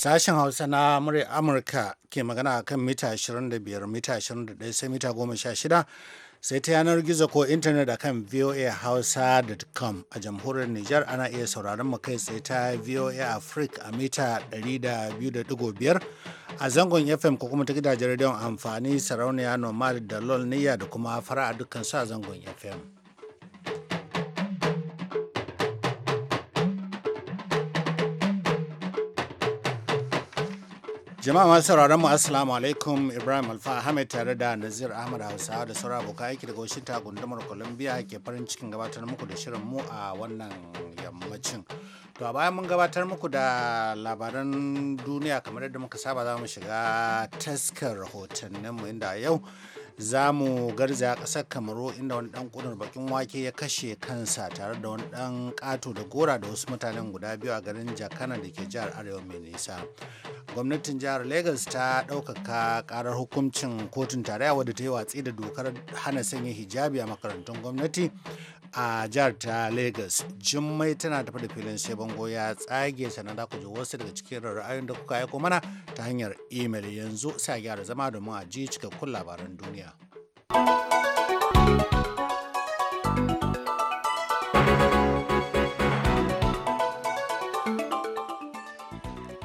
Sashen Hausa na murya Amurka ke magana kan mita 25, mita 21 sai mita 16 sai ta yanar gizo ko intanet a kan voahausa.com a jamhuriyar Nijar ana iya sauraron mu kai sai ta VOA Africa a mita 200.5 a zangon FM ko kuma ta gidajen rediyon amfani sarauniya nomad da lol niyya da kuma fara a dukkan su a zangon FM. Jama'a masu sauraron mu Assalamu alaikum Ibrahim Alfa Ahmed tare da Nazir Ahmad Hausawa da sauran abokan aiki daga Washington gundumar Columbia ke farin cikin gabatar muku da shirin mu a wannan yammacin. To a bayan mun gabatar muku da labaran duniya kamar yadda muka saba za mu shiga taskar mu inda yau za mu garza ƙasar kamaru inda wani dan kudin bakin wake ya kashe kansa tare da wani dan kato da gora da wasu mutanen guda biyu a garin jakana da ke jihar arewa mai nisa gwamnatin jihar Legas ta ɗaukaka karar hukuncin kotun tarayya wadda ta yi watsi da dokar hana sanya hijabi a makarantun gwamnati a jihar ta lagos jummai tana tafi da filin sai bango ya tsage sannan da ku ji wasu daga cikin ra'ayoyin da kuka aiko mana ta hanyar imel yanzu sai gyara zama domin a ji cikakkun labaran duniya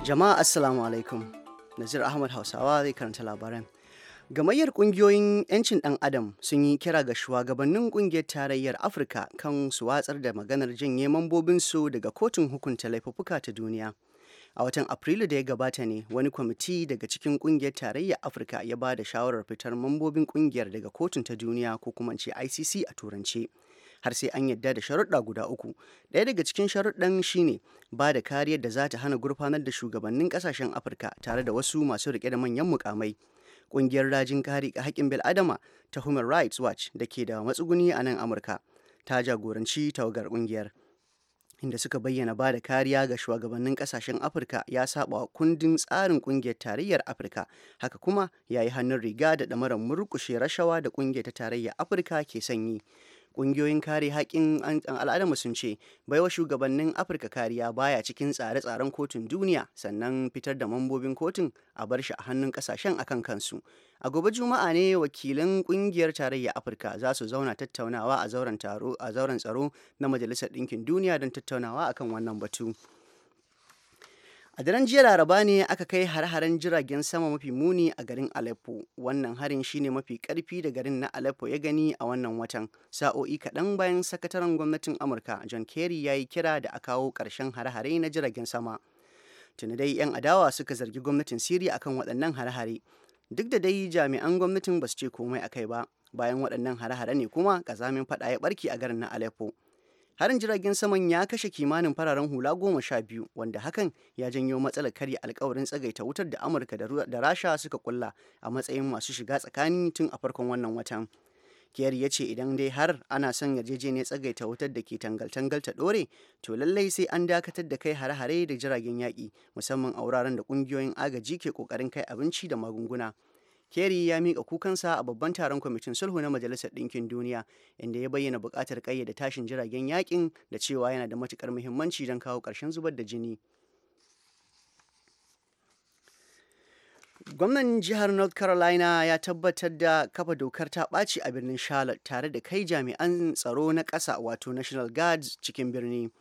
jama'a assalamu alaikum nazir ahmad hausawa zai karanta labaran Gamayyar ƙungiyoyin 'yancin ɗan Adam sun yi kira ga shugabannin ƙungiyar tarayyar Afirka kan su watsar da maganar janye su daga kotun hukunta laifuka ta duniya. A watan Afrilu da ya gabata ne wani kwamiti daga cikin ƙungiyar tarayyar Afirka ya ba da shawarar fitar mambobin ƙungiyar daga kotun ta duniya ko kuma ce ICC a turance. har sai an yadda da sharuɗa guda uku ɗaya daga cikin sharuɗan shine ba da kariyar da za ta hana gurfanar da shugabannin ƙasashen afirka tare da wasu masu riƙe da manyan mukamai ƙungiyar rajin kare haƙƙin bil'adama ta human rights watch da ke da matsuguni a nan amurka ta jagoranci tawagar ƙungiyar inda suka bayyana ba da kariya ga shugabannin kasashen afirka ya saba kundin tsarin kungiyar tarayyar afirka haka kuma ya yi hannun riga da ɗamarar murƙushe rashawa da kungiyar ta tarayyar afirka ke sanyi Ƙungiyoyin kare haƙƙin al'adama sun ce baiwa shugabannin Afirka kariya baya cikin tsare-tsaren kotun duniya sannan fitar da mambobin kotun a bar shi a hannun ƙasashen akan kansu. A gobe Juma'a ne wakilan ƙungiyar tarayya Afirka za su zauna tattaunawa a zauren tsaro na Majalisar Ɗinkin Duniya don tattaunawa akan wannan batu. a daren jiya laraba ne aka kai har-haren jiragen sama mafi muni a garin aleppo wannan harin shine mafi karfi da garin na aleppo ya gani a wannan watan sa'o'i kaɗan bayan sakataren gwamnatin amurka john kerry ya yi kira da a kawo ƙarshen har-hare na jiragen sama tuni dai 'yan adawa suka zargi gwamnatin siriya akan waɗannan har-hare duk da dai jami'an gwamnatin ba su ce komai akai ba bayan waɗannan hare-hare ne kuma ƙazamin faɗa ya ɓarke a garin na aleppo harin jiragen saman ya kashe kimanin fararen hula goma sha biyu wanda hakan ya janyo matsalar karya alkawarin tsagaita wutar da amurka da rasha suka kulla a matsayin masu shiga tsakani tun a farkon wannan watan kiyar ya ce idan dai har ana son yarjejeniyar tsagaita wutar da ke tangal-tangal ta dore to lallai sai an dakatar da kai hare-hare da jiragen yaƙi musamman a wuraren da ƙungiyoyin agaji ke kokarin kai abinci da magunguna Kerry ya mika kukansa a babban taron kwamitin sulhu na Majalisar Ɗinkin Duniya inda ya bayyana buƙatar ƙayyade tashin jiragen yaƙin da cewa yana da matuƙar muhimmanci don kawo ƙarshen zubar da jini. Gwamnan jihar North Carolina ya tabbatar da kafa dokar ta ɓaci a birnin Charlotte tare da kai jami'an tsaro na ƙasa wato National Guards cikin birni.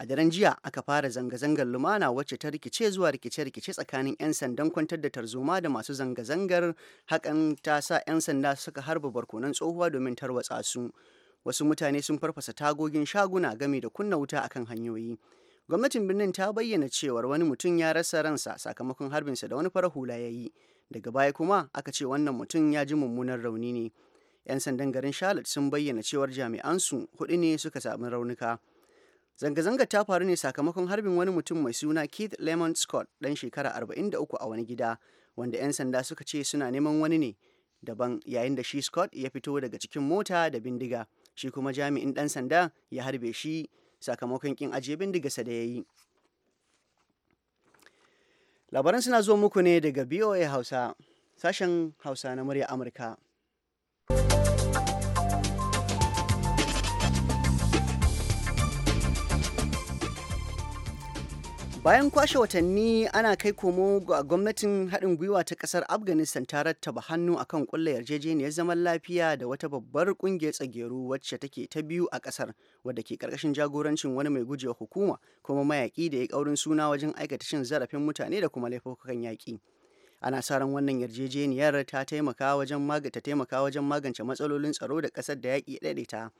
a daren jiya aka fara zanga-zangar lumana wacce ta rikice zuwa rikice-rikice tsakanin 'yan sandan kwantar da tarzoma da masu zanga-zangar hakan ta sa 'yan sanda suka harba barkonan tsohuwa domin tarwatsa su wasu mutane sun farfasa tagogin shaguna game da kunna wuta akan hanyoyi gwamnatin birnin ta bayyana cewar wani mutum ya rasa ransa sakamakon harbinsa da wani fara hula ya yi daga baya kuma aka ce wannan mutum ya ji mummunan rauni ne 'yan sandan garin charlotte sun bayyana cewar jami'ansu hudu ne suka sami raunuka Zanga-zanga ta faru ne sakamakon harbin wani mutum mai suna Keith Lemon Scott dan shekara 43 a wani gida wanda 'yan sanda suka ce suna neman wani ne daban yayin da shi Scott ya fito daga cikin mota da bindiga shi kuma jami'in ɗan sanda ya harbe shi sakamakon kin ajiye sa da ya yi. Labaran suna zuwa muku ne daga BOA Hausa, sashen Hausa na murya Amurka. Bayan kwashe watanni ana kai komo ga gwamnatin haɗin gwiwa ta ƙasar Afghanistan ta rattaba hannu a kan ƙulla yarjejeniyar zaman lafiya da wata babbar ƙungiyar tsageru wacce take ta biyu a ƙasar wadda ke ƙarƙashin jagorancin wani mai gujewa hukuma kuma mayaƙi da ya ƙaurin suna wajen aikata cin zarafin mutane da kuma laifukan yaƙi. ana sa ran wannan yarjejeniyar ta taimaka wajen magance magance matsalolin tsaro da ƙasar da yaƙi ɗaiɗaita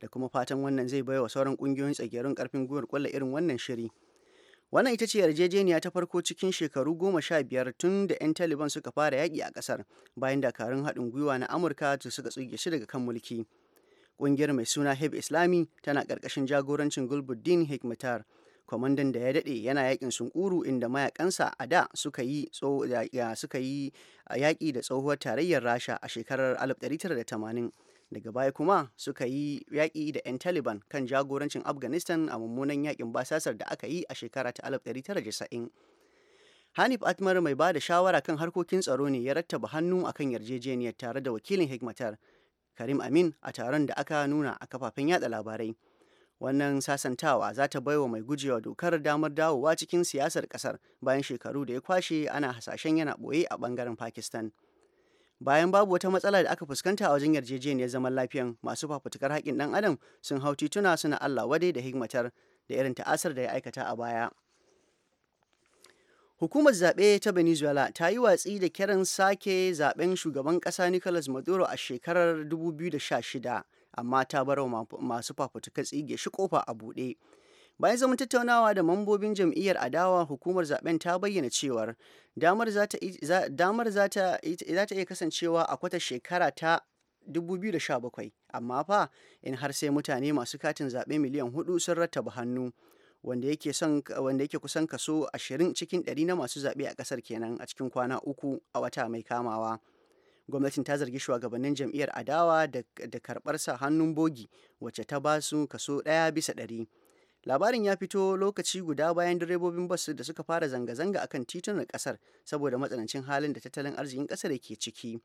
da kuma fatan wannan zai baiwa sauran ƙungiyoyin tsagerun ƙarfin gwiwar ƙulla irin wannan shiri wannan ita ce yarjejeniya ta farko cikin shekaru goma sha biyar tun da 'yan taliban suka fara yaƙi a ƙasar bayan dakarun haɗin gwiwa na amurka da suka tsige shi daga kan mulki ƙungiyar mai suna heb islami tana ƙarƙashin jagorancin gulbuddin hikmatar kwamandan da ya daɗe yana yakin sunkuru inda mayakansa a da suka yi yaƙi da tsohuwar tarayyar rasha a shekarar 1980 daga baya kuma suka yi yaƙi da 'yan taliban kan jagorancin afghanistan a mummunan yaƙin basasar da aka yi a shekara ta 1990 hanif atmar mai ba da shawara kan harkokin tsaro ne ya rattaba hannu akan yarjejeniyar tare da wakilin hikmatar karim amin a taron da aka nuna a kafafen yada labarai wannan sasantawa za ta baiwa mai gujewa dokar damar dawowa cikin siyasar kasar bayan shekaru da ya kwashe ana hasashen yana ɓoye a ɓangaren pakistan bayan babu wata matsala da aka fuskanta a wajen yarjejeniyar zaman lafiyan masu fafutukar haƙƙin ɗan adam sun hau tituna suna allah wadai da hikmatar da irin ta'asar da ya aikata a baya hukumar zaɓe ta venezuela ta yi watsi da kiran sake zaɓen shugaban ƙasa nicolas maduro a shekarar 2016 amma ta bar masu fafutukar tsige shi kofa a buɗe bayan zaman tattaunawa da mambobin jam'iyyar adawa hukumar zaben ta bayyana cewar damar za ta iya kasancewa a kwata shekara ta 2017 amma fa in har sai mutane masu katin zaɓe miliyan hudu sun rattaba hannu wanda yake kusan kaso 20 cikin 100 na masu zaɓe a ƙasar kenan a cikin kwana uku a wata mai kamawa gwamnatin ta zargi shugabannin jam'iyyar adawa da karɓarsa hannun bogi wacce ta ba su kaso ɗaya bisa ɗari labarin ya fito lokaci guda bayan direbobin bas da suka fara zanga-zanga akan titunan kasar saboda matsanancin halin da tattalin arzikin kasar ke ciki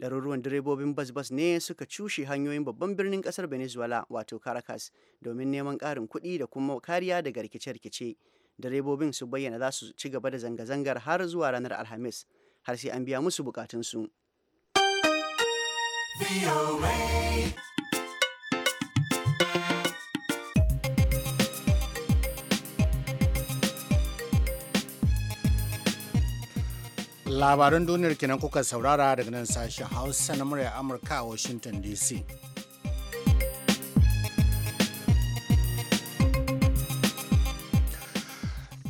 ɗaruruwan direbobin bas-bas ne suka cushe hanyoyin babban birnin kasar venezuela wato caracas domin neman karin kuɗi da kuma kariya daga rikice-rikice direbobin su bayyana za su ci gaba da zanga-zangar har zuwa ranar alhamis har sai an biya musu bukatunsu. labaran duniyar kenan kuka saurara daga nan sashen hausa na murya amurka a washington dc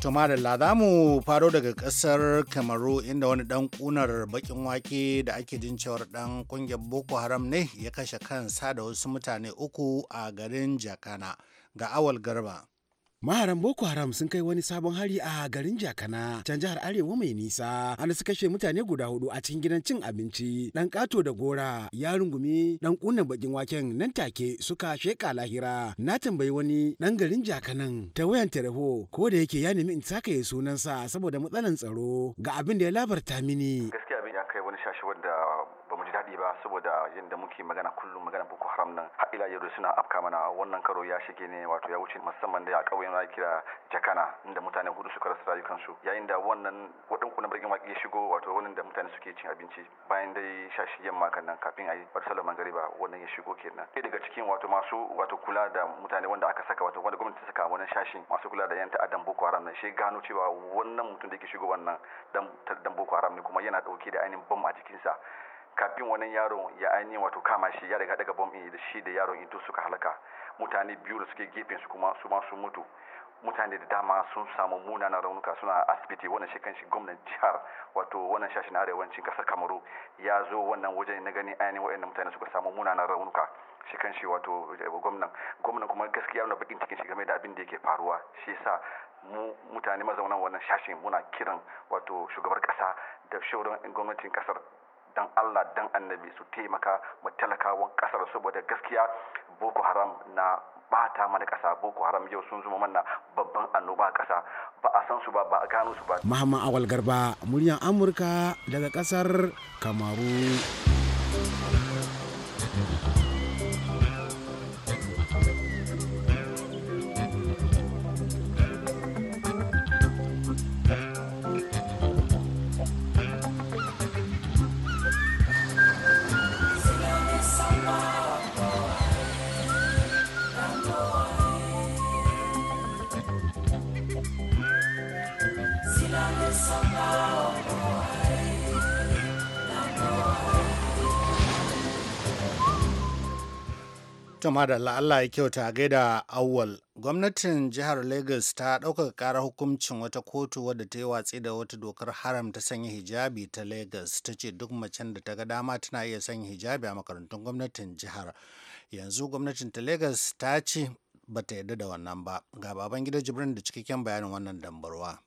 Tumarilla za mu faro daga kasar Kamaru inda wani dan kunar bakin wake da ake jin cewar dan kungiyar Boko Haram ne ya kashe kansa da wasu mutane uku a garin Jakana ga awal garba. maharan boko haram sun kai wani sabon hari a garin jakana can jihar arewa mai nisa ana su kashe mutane guda hudu a cikin gidan cin abinci Ɗan kato da gora ya rungumi ɗan kunan bakin waken nan take suka sheka lahira na tambayi wani ɗan garin jakanan ta wayan tarho ko da yake ya nemi in ya sunansa saboda matsalan tsaro ga abin da ya labarta mini gaskiya abin ya kai wani shashi wanda saboda yadda muke magana kullum magana boko haram nan har ila yau suna afka mana wannan karo ya shige ne wato ya wuce musamman da a ƙauyen da kira jakana inda mutane hudu suka rasa rayukansu yayin da wannan wadin kuna birgin waƙi ya shigo wato wannan da mutane suke cin abinci bayan dai shashi yamma kan nan kafin a yi sallar magariba wannan ya shigo kenan Sai daga cikin wato masu wato kula da mutane wanda aka saka wato wanda gwamnati ta saka wannan shashin masu kula da yan ta'addan boko haram nan shi gano cewa wannan mutum da yake shigo wannan dan boko haram ne kuma yana dauke da ainihin bam a jikinsa kafin wannan yaron ya aini wato kama shi ya riga daga bom da shi da yaron into suka halaka mutane biyu da suke gefen su kuma su ma sun mutu mutane da dama sun samu munanan raunuka suna asibiti wannan shi kanshi gwamnan jihar wato wannan shashin arewacin kasar kamaru ya zo wannan wajen na gani ainihin waɗannan mutane suka samu munanan raunuka shi kanshi wato eh, gwamnan gwamnan kuma gaskiya na bakin cikin shi game da abin da yake faruwa shi yasa mu mutane mazaunan wannan shashin muna kiran wato shugabar kasa da shauran gwamnatin kasar dan Allah dan annabi su taimaka mu talakawan kasar saboda gaskiya Boko Haram na bata mana kasa Boko Haram yau sun zuma mana babban annoba kasa ba a san su ba ba a gano su ba Muhammad Awal Garba muryan Amurka daga kasar Kamaru Tuma da la'alla ya kyauta gaida awwal. Gwamnatin jihar Lagos ta ɗaukaka ƙarar hukuncin wata kotu wadda ta yi watsi da wata dokar haram ta sanya hijabi ta Lagos ta ce duk macen da ta ga dama tana iya sanya hijabi a makarantun gwamnatin jihar. Yanzu gwamnatin ta Lagos ta ce ba ta yarda da wannan ba. Ga baban gida Jibrin da cikakken bayanin wannan dambarwa.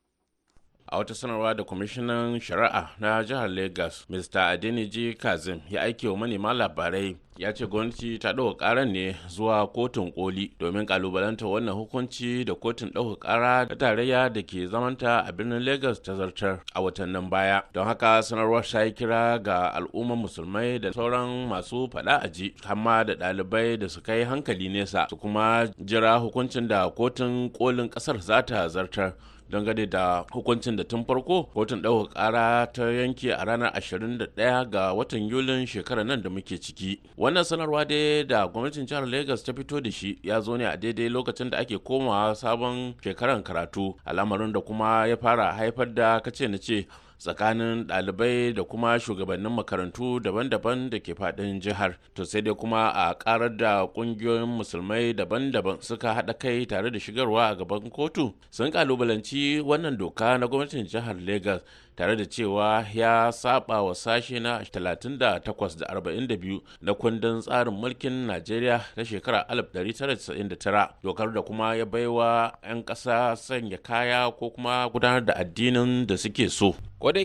a wata sanarwa da kwamishinan shari'a na jihar lagos mr adeniji kazim ya aike wa manema labarai ya ce gwamnati ta ɗauka ƙarar ne zuwa kotun koli domin ƙalubalanta wannan hukunci da kotun ɗauka ƙara ta tarayya da ke zamanta a birnin lagos ta zartar a watannin baya don haka sanarwar ta yi kira ga al'ummar musulmai da sauran masu faɗa a ji hamma da ɗalibai da su kai hankali nesa su kuma jira hukuncin da kotun kolin ƙasar za ta zartar dangane da hukuncin da tun farko kotun ɗaukar ƙara ta yanke a ranar 21 ga watan yulin shekarar nan da muke ciki wannan sanarwa dai da gwamnatin jihar lagos ta fito da shi ya zo ne a daidai lokacin da ake komawa sabon shekarar karatu al'amarin da kuma ya fara haifar da kace na ce tsakanin ɗalibai da kuma shugabannin makarantu daban-daban da ke faɗin jihar to sai dai kuma a ƙarar da ƙungiyoyin musulmai daban-daban suka haɗa kai tare da shigarwa a gaban kotu sun ƙalubalanci wannan doka na gwamnatin jihar lagos tare da cewa ya saba wa sashe na 38.42 na kundin tsarin mulkin najeriya na shekara 1999 dokar da kuma ya baiwa 'yan ƙasa sanya kaya ko kuma gudanar da addinin da suke so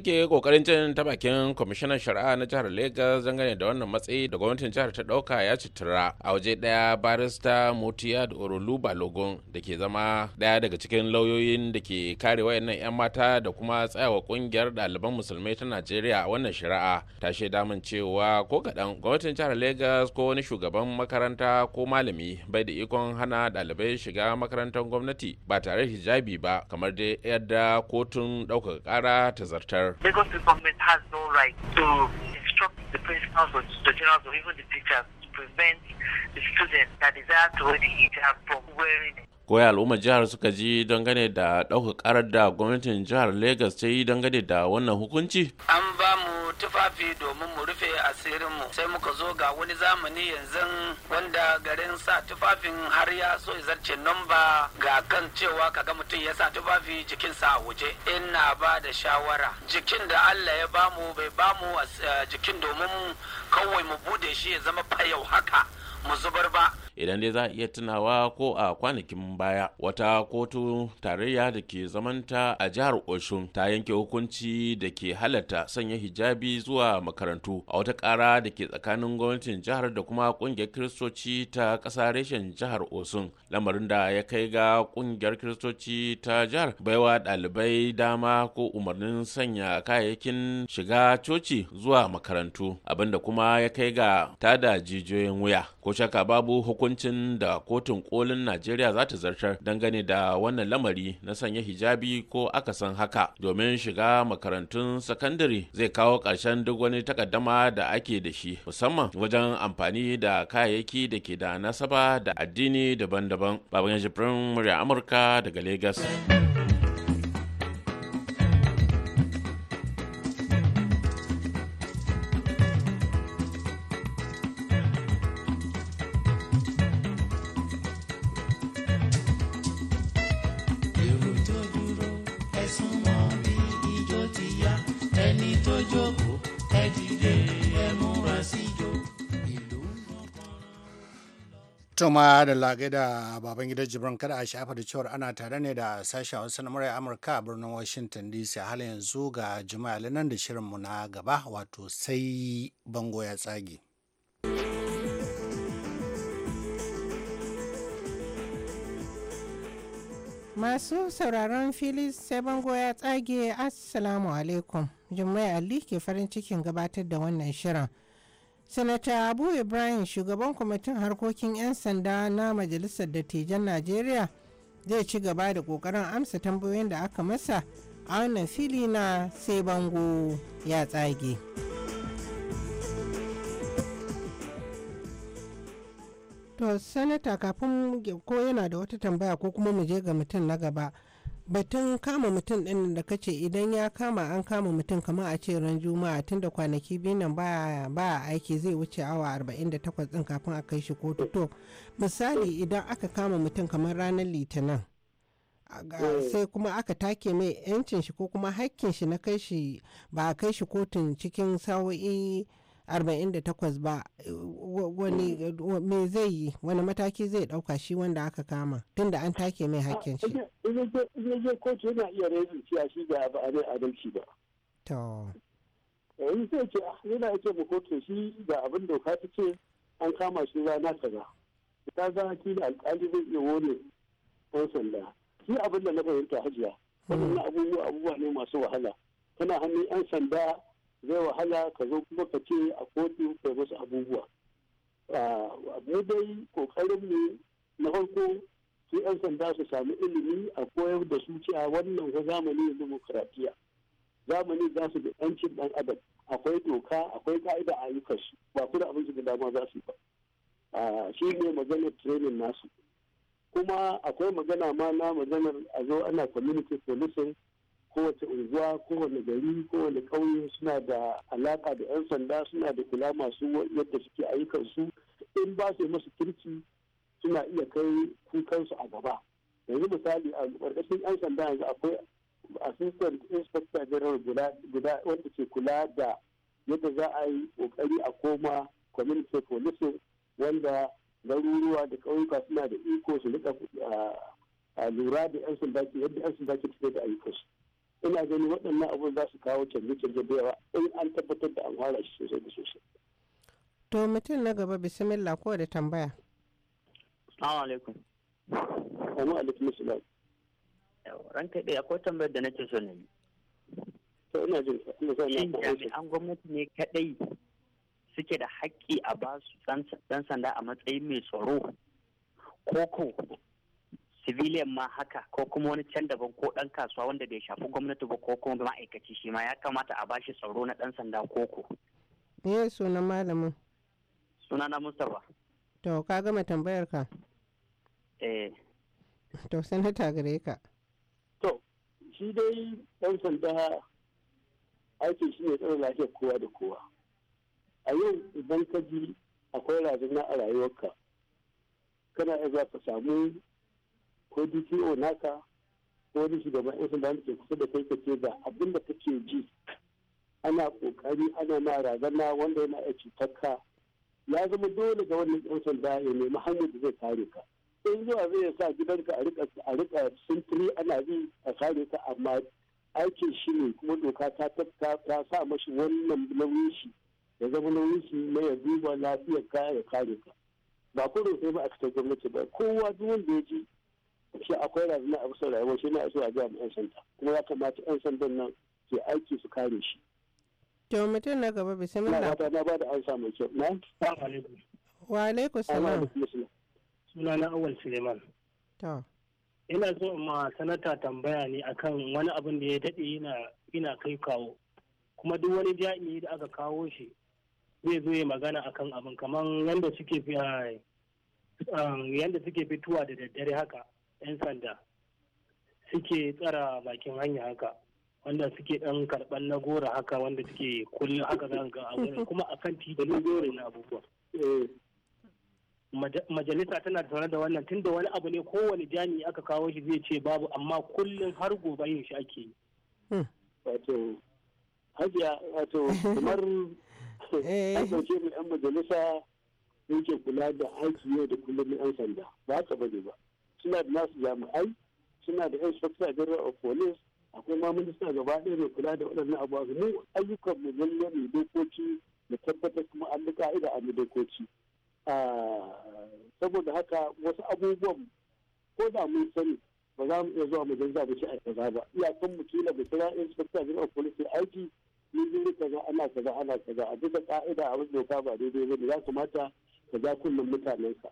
ke kokarin jin ta bakin kwamishinan shari'a na jihar lagos dangane da wannan matsayi da gwamnatin jihar ta dauka ya citura a waje daya barista mutiya da orolu balogun da ke zama daya daga cikin lauyoyin da ke kare wayannan 'yan mata da kuma tsayawa kungiyar kungiyar ɗaliban musulmai ta najeriya a wannan shari'a ta shaida min cewa ko kaɗan gwamnatin jihar lagos ko wani shugaban makaranta ko malami bai da ikon hana ɗalibai shiga makarantar gwamnati ba tare hijabi ba kamar dai yadda kotun ɗaukaka ƙara ta zartar. Lagos has no right to instruct the prevent the students that desire to wear hijab from wearing Koya al'ummar jihar suka ji dangane da ɗaukar ƙarar da gwamnatin jihar Legas ta yi dangane da wannan hukunci? An ba mu tufafi domin mu rufe asirinmu sai muka zo ga wani zamani yanzu wanda garin sa tufafin har ya so zarce nomba ga kan cewa ka ga mutum ya sa tufafi jikinsa a waje. Ina ba da shawara jikin da Allah ya bamu bai bamu eh, jikin domin kawai mu bude shi ya zama fayau haka mu zubar ba. idan dai za a iya tunawa ko a kwanakin baya wata kotu tarayya da ke zamanta a jihar oshun ta yanke hukunci da ke halatta sanya hijabi zuwa makarantu a wata kara da ke tsakanin gwamnatin jihar da kuma kungiyar kiristoci ta ƙasa reshen jihar osun lamarin da ya kai ga kungiyar kiristoci ta jihar baiwa ɗalibai dama ko umarnin sanya kayayyakin shiga coci zuwa makarantu abinda kuma ya kai ga tada jijiyoyin wuya ko shaka babu hukunci hukuncin da kotun kolin najeriya za ta zartar dangane da wannan lamari na sanya hijabi ko aka san haka domin shiga makarantun sakandare zai kawo ƙarshen duk wani takaddama da ake da shi musamman wajen amfani da kayayyaki da ke da nasaba da addini daban-daban baban jibrin murya amurka daga lagos Toma da lage da baban gidan Jibran kada a shafa da cewar ana tare ne da sashen wasu na Amurka a birnin Washington DC hal yanzu ga Juma'a nan da shirinmu na gaba wato sai bango ya tsage. Masu sauraron fili sai bango ya tsage Assalamu alaikum. juma'a Ali ke farin cikin gabatar da wannan shirin. sanata abu ibrahim shugaban kwamitin harkokin 'yan sanda na majalisar dattijan najeriya zai ci gaba da kokarin amsa tambayoyin da aka masa a wannan fili na sai bango ya tsage to sanata kafin ko yana da wata tambaya ko kuma mu je ga mutum na gaba batun kama mutum ɗin da kace idan ya kama an kama mutum kamar a ce ran juma'a tun da kwanaki biyu nan ba a aiki zai wuce awa 48 ɗin kafin a kai shi kotu to misali idan aka kama mutum kamar ranar litinin eh. sai kuma aka take mai yancin shi ko kuma hakkin shi na kai shi ba a kai shi kotun cikin sa'o'i 48 ba wani me zai yi wani mataki zai dauka shi wanda aka kama tunda an take mai hakkin shi zai kotu yana iya rezin cewa shi da ba a adalci ba to eh sai ce ah, yana yake ba kotu shi da abin doka ta ce an kama shi rana kaza ta za a kila alƙali zai iya wone ɗan sanda shi abin da na fahimta hajiya Wannan abubuwa abubuwa ne masu wahala tana hannun 'yan sanda zai wahala ka zo kuma ka ce a kotu kai wasu abubuwa mu dai kokarin ne na farko su 'yan sanda su sami ilimi a koyar da su cewa wannan ga zamani ne demokaratiya zamani za su da yancin ɗan adam akwai doka akwai ka'ida a ayyukan su ba kuma abin su da dama za su ba shi ne maganar training nasu kuma akwai magana ma na maganar a zo ana community policing kowace unguwa kowane gari kowane ƙauye suna da alaƙa da 'yan sanda suna da kula masu yadda suke su in ba su masu kirki suna iya kai kukansu a gaba yanzu misali a ƙarƙashin 'yan sanda yanzu akwai assistant inspector general guda wanda ke kula da yadda za a yi ƙoƙari a koma community policing wanda garuruwa da ƙauyuka suna da iko su rika ah, lura da 'yan sanda ke yadda 'yan sanda ke tafiya da ayyukansu ina gani waɗannan abun za su kawo canje-canje da yawa in an tabbatar da an fara shi sosai da sosai. To mutum na gaba bismillah ko da tambaya. Assalamu alaikum. Assalamu alaikum assalam. kai ɗaya akwai tambayar da nake so na yi. To ina jin ka ina son jami'an gwamnati ne kaɗai suke da haƙƙi a ba su ɗan sanda a matsayin mai tsaro. Koko civilian ma haka ko kuma wani can daban ko dan kasuwa wanda bai shafi gwamnati ba ko kuma ma'aikaci shi ma ya kamata a bashi tsaro na dan sanda koko. Me sunan malamin? Sunana Mustapha. To ka gama tambayar ka? Eh. To sanata gare ka. To shi dai dan sanda aikin shi ne tsare lafiyar kowa da kowa. A yau idan ka ji akwai razana a rayuwarka kana iya za ka samu ko dto naka ko wani shugaban yan sanda ke kusa da kai ka ce ga abin da kake ji ana kokari ana ma razana wanda yana iya cutar ka ya zama dole ga wannan yan sanda ya nemi hanyar da zai kare ka in zuwa zai sa gidanka a rika a rika sintiri ana bi a kare ka amma aikin shi ne kuma doka ta ta sa mashi wannan nauyin shi ya zama nauyin shi na ya duba lafiyar ka ya kare ka ba kurin sai ba a cikin gwamnati ba kowa duk wanda ya ji shi akwai razana a kusa rayuwa shi na so a ga yan sanda kuma ya kamata yan sandan nan ke aiki su kare shi to mutum na gaba mun na na ba da ansa mai kyau na wa alaikum salam suna na awal suleiman to ina so ma sanata tambaya ne akan wani abin da ya dade yana ina kai kawo kuma duk wani jami'i da aka kawo shi zai zo ya magana akan abin kamar yanda suke fi ah, um, yadda suke fituwa da daddare haka 'yan sanda suke tsara bakin hanya haka wanda suke dan karban na gora haka wanda suke kullum haka za ga a kuma kan titin gore na abubuwa majalisa tana tare da wannan tun da wani abu ne kowane jami aka kawo shi zai ce babu amma kullum har gobe yin shi ake yi hmm. wato hajiya wato kamar ake eh. dauke yan majalisa yake kula da aiki yau da kullum yan sanda ba haka bane ba suna da nasu jami'ai suna da yan inspector general of police akwai ma minista gaba ɗaya mai kula da waɗannan abubuwa mu ayyukan mu lalle mu dokoki da tabbatar kuma an bi ka'ida an bi dokoki ah, saboda haka wasu abubuwan ko da mun sani ba za mu iya zuwa mu canza da shi a kaza ba iyakan mu kila mu kira inspector general of police aiki mun jiri kaza ana kaza ana kaza a duka ka'ida a wajen doka ba daidai ba ne ya kamata ka ja mutanen mutanensa.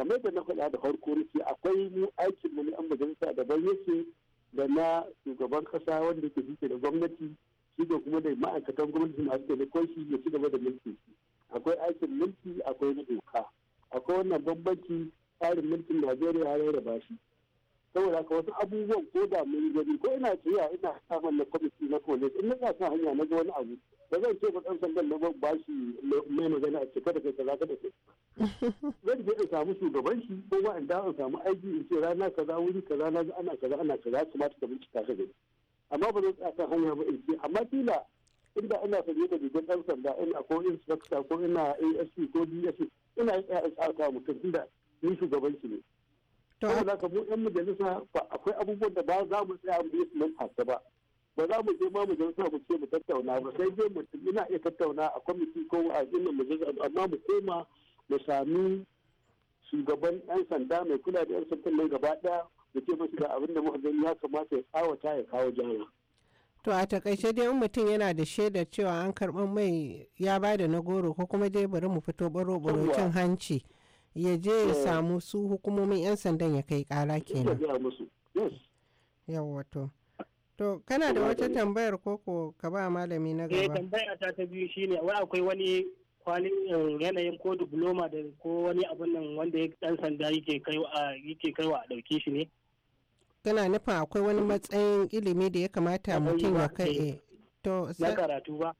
kamar da na faɗa da farko rike akwai mu aikin mu ne an majalisa daban yake da na shugaban kasa wanda ke jike da gwamnati shi da kuma da ma'aikatan gwamnati masu kai shi ya ci gaba da mulki shi akwai aikin mulki akwai na doka akwai wannan bambanci tsarin mulkin najeriya ya da bashi saboda haka wasu abubuwan ko da mun gani ko ina tsaya ina samun na kwamiti na college in na sa hanya na ga wani abu ba zan ce ba dan sandan na ban ba shi mai magana a cika da kai kaza ka da kai zan je in samu shugaban shi ko ba in dawo in samu aiki in ce rana kaza wuri kaza na ga ana kaza ana kaza kamata ka bincika ka gani amma ba zan tsaka hanya ba in ce amma kila inda ina sanye da rigar dan sanda ina ko inspector ko ina ASC ko DSC ina yi in tsaka mutum tunda ni shugaban shi ne. za ka mu 'yan majalisa akwai abubuwan da ba za mu tsaya mu yi su nan ba. ba za mu je ma mu sa mu ce mu tattauna ba sai dai mu ina iya tattauna a kwamiti ko a inda mu amma mu koma mu sami shugaban yan sanda mai kula da yan sanda mai gaba daya mu ce masu da abin da muka ya kamata ya tsawata ya kawo jana. To a takaice dai in mutum yana da shaidar cewa an karɓar mai ya ba da na goro ko kuma dai bari mu fito baro baro cin hanci ya je ya eh. samu su hukumomin 'yan sandan ya kai kara kenan. Yawwa to. To kana da wata tambayar koko ka ba malami na eh, gaba? Eh tambaya ta ta biyu shine wai akwai wani kwalin eh, yanayin ko diploma da ko wani abun nan wanda ya dan sanda yake kaiwa yake kai a dauke shi ne? Kana nufin akwai wani matsayin ilimi da ya kamata mutum ya kai eh, to na karatu ba.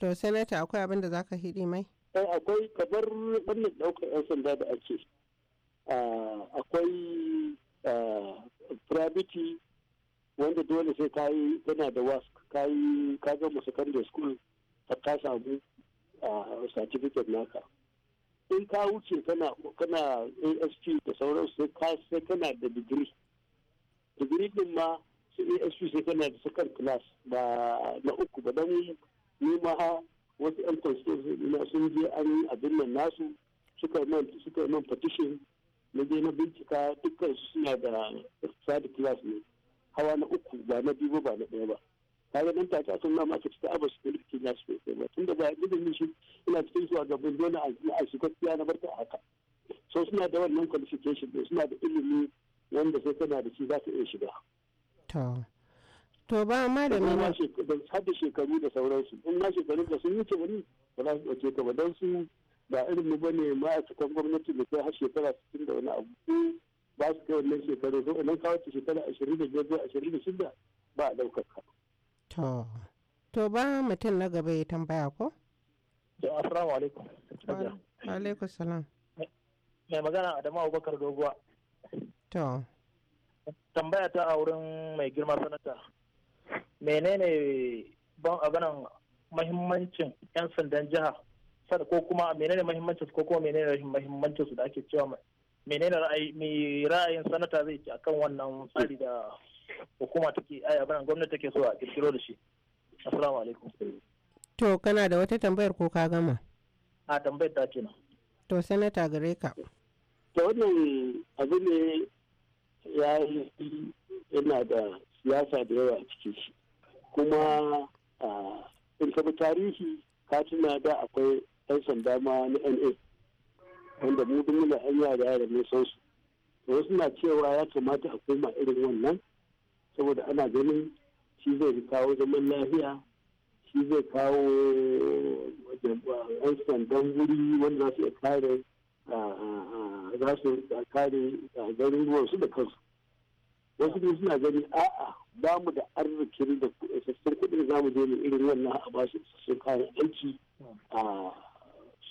To senator akwai abin da zaka hidi mai? Eh akwai kabar wannan daukar yan sanda da ake. Ah, akwai ah, probity wanda dole sai ka yi tana da wask ka yi ka gama secondary school ka samu a certificate naka in ka wuce kana kana asp da sauran sai ka sai kana da degree degree din ma sai asp sai kana da second class ba na uku ba dan ni ma wasu yan constituency na sun je an yi abin nan nasu suka nan suka man petition na je na bincika dukkan suna da third class ne hawa na uku ba na biyu ba na ɗaya ba kaga ɗan take sun na maka cikin abas da lifti na su sai ba tunda ba gidan shi ina cikin su a gaban dole a shi gaskiya na barka haka so suna da wannan qualification ne suna da ilimi wanda sai kana da shi za ka iya shiga to to ba ma da ne da da shekaru da sauransu in ma shekaru da sun yi wuce wani ba za su ɗauke ka ba don su ba irin mu ba ne ma'aikatan gwamnati da sai har shekara 60 da wani abu ba su kai wannan shekaru so idan ka wuce shekara ashirin da biyar zuwa ashirin da shida ba a ɗaukar ka. To, to ba mutum na gaba ya tambaya ko? To, assalamu alaikum. Wa alaikum salam. Mai magana Adamu Abubakar Doguwa. To. Tambaya ta a wurin mai girma sanata. Menene ban ganin mahimmancin 'yan sandan jiha ko kuma menene mahimmancin ko kuma menene mahimmancin su da ake cewa menene ra'ayi mai ra'ayin sanata zai ci akan wannan tsari da hukuma take ai abin gwamnati take so a kirkiro da shi assalamu alaikum to kana da wata tambayar ko ka gama a tambayar ta kenan to sanata gare ka to wannan abu ne ya yi yana da siyasa da yawa a cikin shi kuma in tarihi ka tuna da akwai ɗan sanda ma na na wanda mu duk muna an yara yara mun san su to wasu na cewa ya kamata a koma irin wannan saboda ana ganin shi zai kawo zaman lafiya shi zai kawo yan sandan wuri wanda za su kare za su kare ruwan su da kansu wasu ne suna gani a'a ba mu da arzikin da sassan kudin za mu je irin wannan a basu su kayan aiki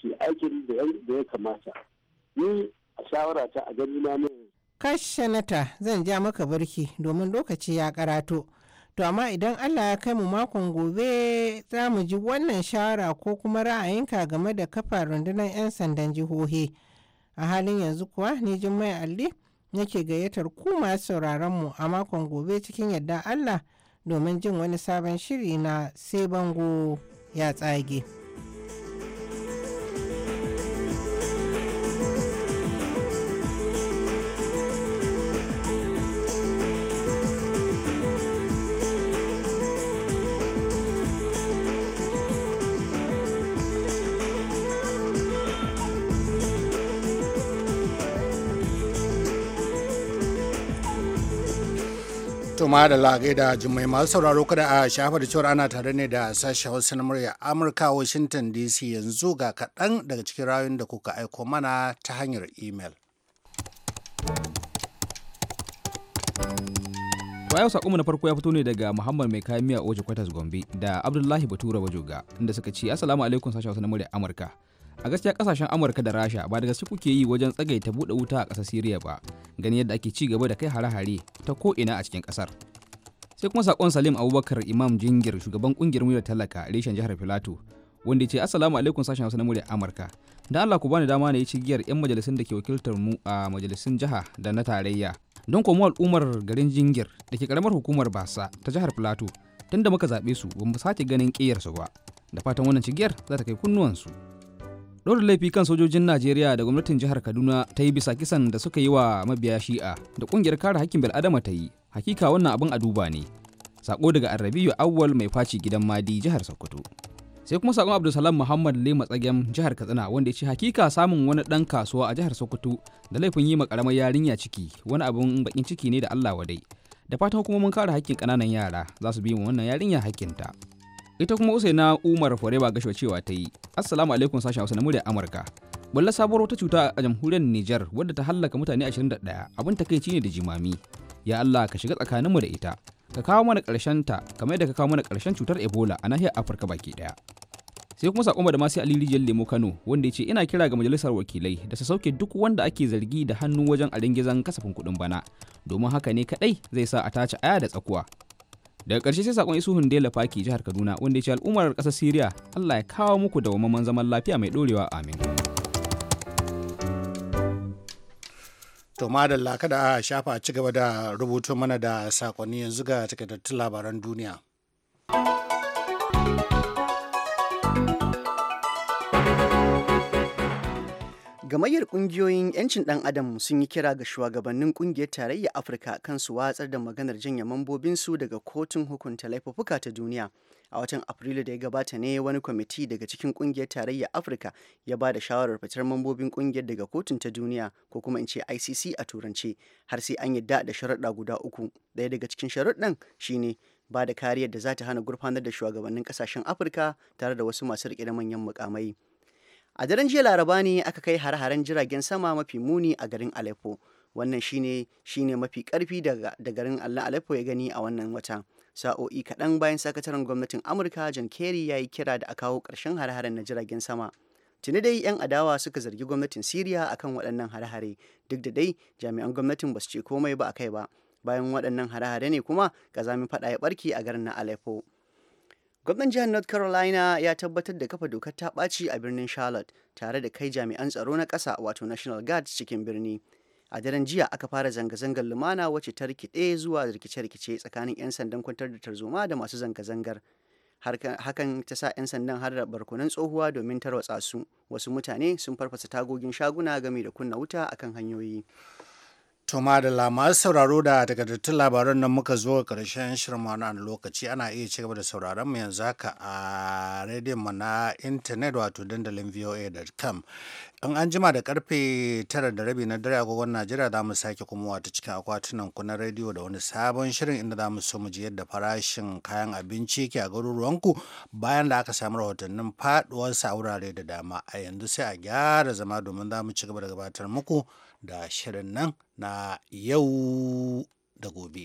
shi aikin da ya kamata ni a shawara ta a gani na ne kash nata zan ja maka barki domin lokaci ya karato to amma idan allah ya kai mu makon gobe za mu ji wannan shawara ko kuma ra'ayinka game da kafa rundunar 'yan sandan jihohi a halin yanzu kuwa ni jima'i alli nake gayyatar ku masu sauraron mu a makon gobe cikin yadda allah domin jin wani sabon shiri na sai bango ya tsage. ma da lagai da jimai masu sauraro kada a shafa da cewar ana tare ne da sashen wasu na murya amurka washington dc yanzu ga kaɗan daga cikin rayun da kuka aiko mana ta hanyar imel bayan sakonmu na farko ya fito ne daga muhammad mai kayan miya oje kwatas gombe da abdullahi batura wajoga inda suka ce assalamu alaikum sashen wasu murya amurka a gaskiya kasashen amurka da rasha ba da gaske kuke yi wajen tsagaita buɗe wuta a ƙasar siriya ba gani yadda ake ci gaba da kai hare-hare ta ko ko'ina a cikin kasar. sai kuma sakon salim abubakar imam jingir shugaban kungiyar muryar talaka reshen jihar filato wanda ce assalamu alaikum sashen hausa na muryar amurka da allah ku bani dama na yi cigiyar yan majalisun da ke wakiltar mu a majalisun jiha da na tarayya don komo al'ummar garin jingir da ke karamar hukumar basa ta jihar filato tun da muka zaɓe su ba mu sake ganin ƙiyarsu ba da fatan wannan cigiyar za ta kai kunnuwansu. su ɗora laifi kan sojojin najeriya da gwamnatin jihar kaduna ta yi bisa kisan da suka yi wa mabiya shi'a da ƙungiyar kare hakkin bil'adama ta yi hakika wannan abin a duba ne sako daga arabiyu awwal mai faci gidan madi jihar sokoto sai kuma sakon abdulsalam muhammad le matsagen jihar katsina wanda ya ce hakika samun wani dan kasuwa a jihar sokoto da laifin yi karamar yarinya ciki wani abin bakin ciki ne da allah wadai da fatan mun kare hakkin ƙananan yara za su bi wannan yarinya hakkinta ita kuma usaina umar foreba gasho cewa ta yi assalamu alaikum sashen hausa na murya amurka balla sabuwar wata cuta a jamhuriyar niger wadda ta hallaka mutane 21 abin takaici ne da jimami ya allah ka shiga tsakaninmu da ita ka kawo mana karshen ta kamar yadda ka kawo mana karshen cutar ebola a nahiyar afirka baki daya sai kuma sakon da masu ali rijiyar lemo kano wanda ya ce ina kira ga majalisar wakilai da su sauke duk wanda ake zargi da hannu wajen a ringizan kasafin kuɗin bana domin haka ne kaɗai zai sa a tace aya da tsakuwa daga ƙarshe sai sakon isuhun dela faki jihar kaduna wanda ya ce al'ummar ƙasar siriya allah ya kawo muku da wamman zaman lafiya mai ɗorewa amin to madalla kada a shafa ci gaba da rubutu mana da sakonni yanzu ga takaitattun labaran duniya Gamayyar ƙungiyoyin 'yancin dan Adam sun yi kira ga shugabannin kungiyar tarayya Afirka kan su watsar da maganar mambobin su daga kotun hukunta laifuffuka ta duniya. A watan Afrilu da ya gabata ne wani kwamiti daga cikin ƙungiyar tarayya Afirka ya ba da shawarar fitar mambobin kungiyar daga kotun ta duniya ko kuma in ce ICC a turance har sai an yadda da sharuɗa guda uku. Ɗaya daga cikin sharuɗan shine ba da kariyar da za ta hana gurfanar da shugabannin ƙasashen Afirka tare da wasu masu riƙe da manyan mukamai. a daren jiya laraba ne aka kai har haren jiragen sama mafi muni a garin aleppo wannan shine shine mafi karfi da garin allah aleppo ya gani a wannan wata sa'o'i kaɗan bayan sakataren gwamnatin amurka john kerry ya yi kira da a kawo ƙarshen har haren na jiragen sama tuni dai 'yan adawa suka zargi gwamnatin siriya akan waɗannan har hare duk da dai jami'an gwamnatin ba su ce komai ba a kai ba bayan waɗannan hare-hare ne kuma ƙazamin faɗa ya ɓarke a garin na aleppo Gwamnan jihar North Carolina ya tabbatar da kafa dokar ta ɓaci a birnin Charlotte tare da kai jami'an tsaro na ƙasa wato National Guard cikin birni. A daren jiya aka fara zanga-zangar lumana wacce ta rikide zuwa rikice-rikice tsakanin 'yan sandan kwantar da tarzoma da masu zanga-zangar. Hakan ta sa 'yan sandan har da barkunan tsohuwa domin tarwatsa su. Wasu mutane sun farfasa tagogin shaguna game da kunna wuta akan hanyoyi. Toma da lama sauraro da takardattun labaran nan muka zo a ƙarshen shirin wani lokaci ana iya ci gaba da sauraron mu yanzu haka a rediyon mu na intanet wato dandalin voa.com. In an jima da karfe tara da rabi na dare agogon Najeriya za mu sake kuma wata cikin akwatunan ku na rediyo da wani sabon shirin inda za mu so mu ji yadda farashin kayan abinci ke a garuruwanku bayan da aka samu rahotannin faduwar sa wurare da dama a yanzu sai a gyara zama domin za mu ci gaba da gabatar muku da shirin nan na yau da gobe.